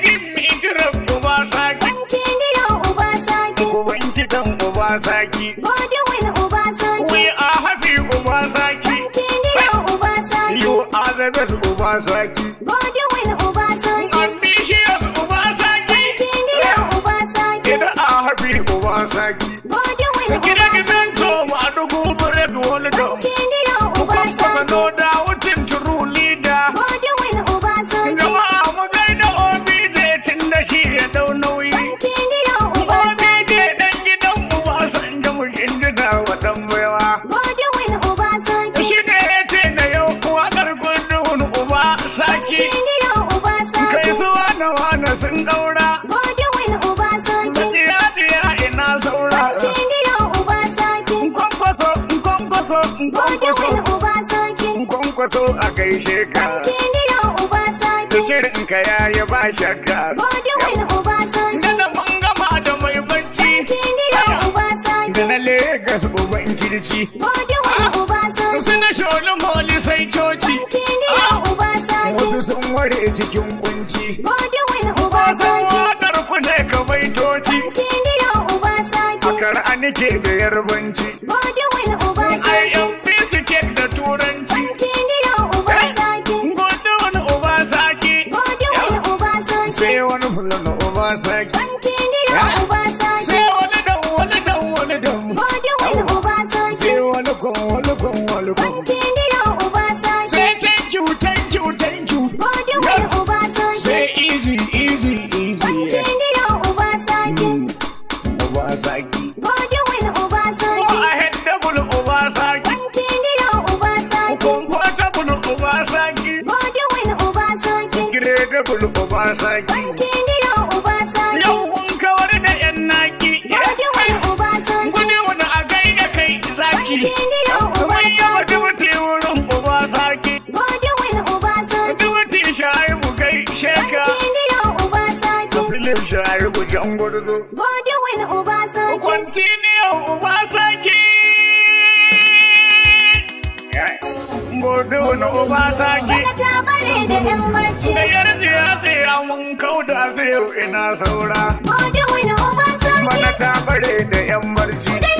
inni jiran uba saki. Wanci uba saki. Wanci dan uba saki. Godwin You Ambitious happy da sun gaura. Gode wani uba soki. Matsiya diya ina saura. Mace diya uba soki. Nkwankwaso, nkwankwaso, nkwankwaso. Gode wani uba soki. Nkwankwaso a gaishe ka. Mace diya uba soki. Da shirin ka yayi ba shakka. Gode wani uba soki. Dada mun gama da mai bacci. Mace diya uba soki. Da na Legas uban kirci. Gode wani uba ah, soki. Suna sholin holi sai coci. Mace diya kware cikin kunci. Godwin uba soki. Wakar ku ne ka baitoci. Tiniya uba soki. Akar anike da banci. Godwin uba soki. Ai yan bisikek da turanci. Tiniya uba eh, soki. Godwin uba soki. Godwin uba soki. Sai wani fulan uba soki. Tiniya uba soki. Sai wani dan wani dan wani dan. Godwin uba soki. Sai wani kon wani kon wani kon. Tiniya uba soki. Sai kebul uba saki. Wanci ndiya uba saki. Yawun kawar da yan naki. Madiwan uba saki. Gudu wani a gaida kai zaki. Wanci ndiya uba saki. Kuma yawa dubuti wurin uba saki. Madiwan uba saki. Dubuti shayi mu kai sheka. Wanci ndiya uba saki. Kafilin shayi mu jan gurgu. Madiwan uba saki. Wanci ndiya uba saki. godo na ke? saki ta bare da yan da yar ya tsiya mun kauda sai ina saura godo na uba saki ta bare da yan barci